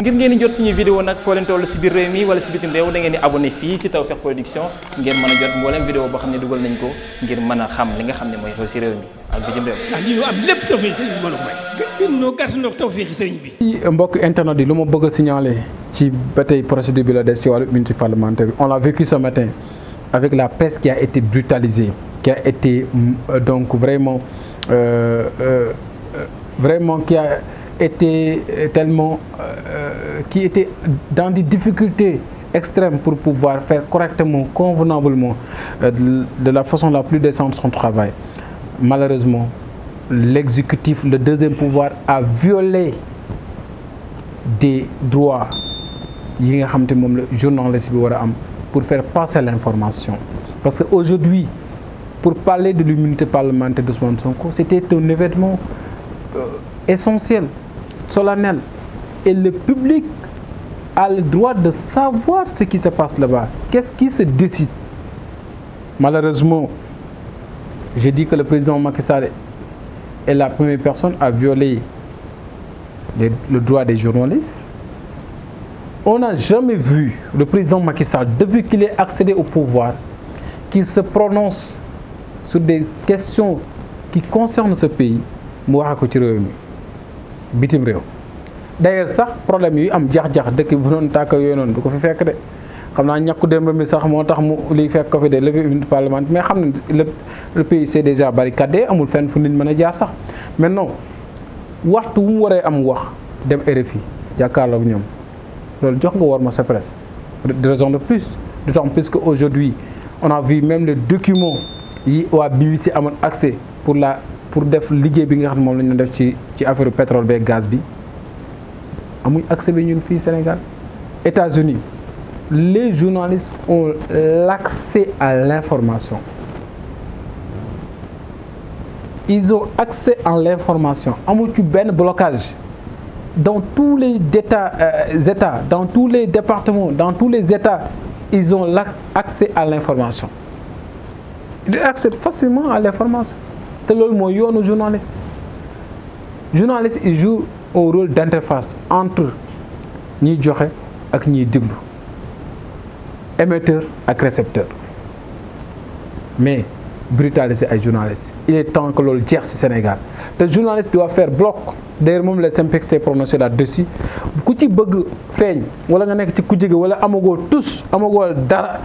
ngir ngeen jot suñu vidéo nag foo leen toll si biir réew mi wala si bitim réew da ngeen di abonné fii si Tawfekh Production ngeen mën a jot mboolem vidéo boo xam ne dugal nañ ko ngir mën a xam li nga xam ne mooy xew si réew mi ak ah, bi mën a may. Euh, mbokk internet yi lu ma bëgg a signaler ci ba tey procédure bi la des ci wàllu unité parlementaire bi on l'a vécu ce matin avec la presse qui a été brutalisée qui a été euh, donc vraiment euh, vraiment qui a étaient euh, tellement, euh, qui étaient dans des difficultés extrêmes pour pouvoir faire correctement, convenablement, euh, de la façon la plus décente son travail. Malheureusement, l'exécutif, le deuxième pouvoir, a violé des droits yi nga xam te moom la journaliste bi war a am pour faire passer l'information parce que aujourd'hui pour parler de l'immunité parlementaire d'Ousmane Sonko c'était un événement euh, essentiel solennel et le public a le droit de savoir ce qui se passe là-bas. Qu'est-ce qui se décide Malheureusement, j'ai dit que le président Macky Sall est la première personne à violer les, le droit des journalistes. On n'a jamais vu le président Macky Sall, depuis qu'il est accédé au pouvoir, qu'il se prononce sur des questions qui concernent ce pays, mu wax ko ci réew mi bitim réew d'ailleurs sax problème yu am jax-jax dëkk bu noonu tàkk yooyu noonu du ko fi fekk de xam naa ñàkku démb sax moo tax mu liy fekk ko fi de levée unité parlementaire mais xam ne le pays c'est déjà barricadé amul fu nit mën a jaar sax maintenant waxtu wu mu waree am wax dem RFI jàkkaarloog ñoom loolu jox nga war ma sa presse de raison de plus d'autant plus que aujourd'hui on a vu même les yi waa BBC amoon accès pour la pour def liggéey bi nga xam ne moom la ñu def ci ci affaire pétrole beeg gaz bi amuñ accès bi ñun fii Sénégal États-Unis les journalistes ont l'accès à l'information ils ont accès à l'information amul ci benn blocage dans tous les états euh, dans tous les départements dans tous les états ils ont l'accès à l'information ils ont accès facilement à l'information te loolu mooy yoonu journaliste journaliste il joue un role d' interface entre ñiy joxe ak ñiy déglu émetteur ak récepteur mais brutaliser ay journalistes il est temps loolu jeex ci Sénégal te journaliste doit faire bloc d'ailleurs moom la Synpics s'est prononcé là-dessus ku ci bëgg feeñ wala nga nekk ci ku jege wala amagoo tous amagoo dara.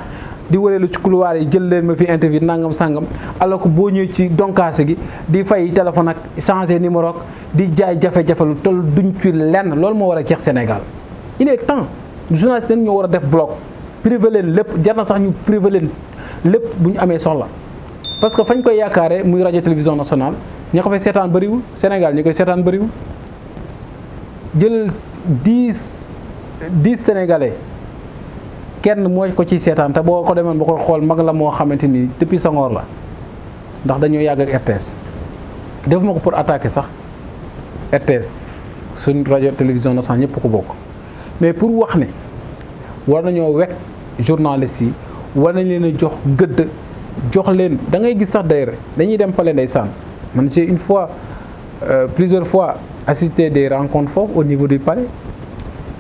di wëreelu ci couloir yi jël leen ma fi interview nangam sangam alors que boo ñëwee ci donkaase gi di fay téléphone ak changer numéro ak di jaay jafe-jafe lu toll duñ ci lenn loolu moo war a jeex Sénégal il temps journaliste yi ñoo war a def bloc privé leen lépp jar na sax ñu privé leen lépp bu ñu amee soxla parce que fañ koy yaakaare muy rajo télévision nationale ña ko fay seetaan bëriwul Sénégal ñi koy seetaan bëriwul jël dix dix sénégalais. kenn moo ko ciy seetaan te boo ko demoon ba koy xool mag la moo xamante nii depuis Senghor la ndax dañoo yàgg ak RTS defuma ko pour attaquer sax RTS suñ rajo télévision sax ñëpp ko bokk mais pour wax ne war nañoo wekk journalistes yi war nañ leen a jox gëdd jox leen da ngay gis sax d'ailleurs dañuy dem pale ndeysaan man j'ai une fois euh, plusieurs fois assisté des rencontres foofu au niveau du palais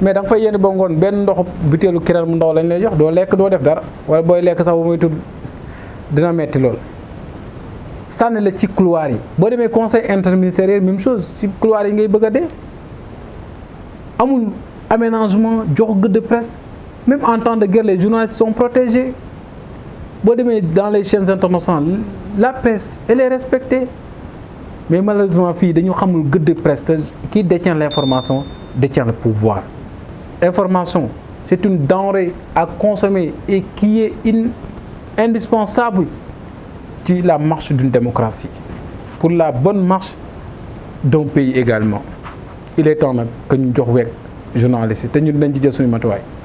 mais da nga fay yenn ba ngoon benn ndox butéelu kiral mu ndaw lañu lay jox doo lekk doo def dara wala booy lekk sax bu muy tudd dina metti lool. sànni la ci couloir yi boo demee conseil interministériel même chose ci couloir yi ngay bëgg a dee amul aménagement jox gëdd de presse même en temps de guerre les journalistes sont boo demee dans les chaînes internationales la presse elle est respectée mais malheureusement fii dañu xamul gëdd de presse te qui détient l'information détient le pouvoir information c'est une denrée à consommer et qui est in, indispensable ti la marche d'une démocratie, pour la bonne marche d'un pays également. Il est temps nag ka ñu jox weeg journalistes yi te ñun dañ ci jël suñu matuwaay.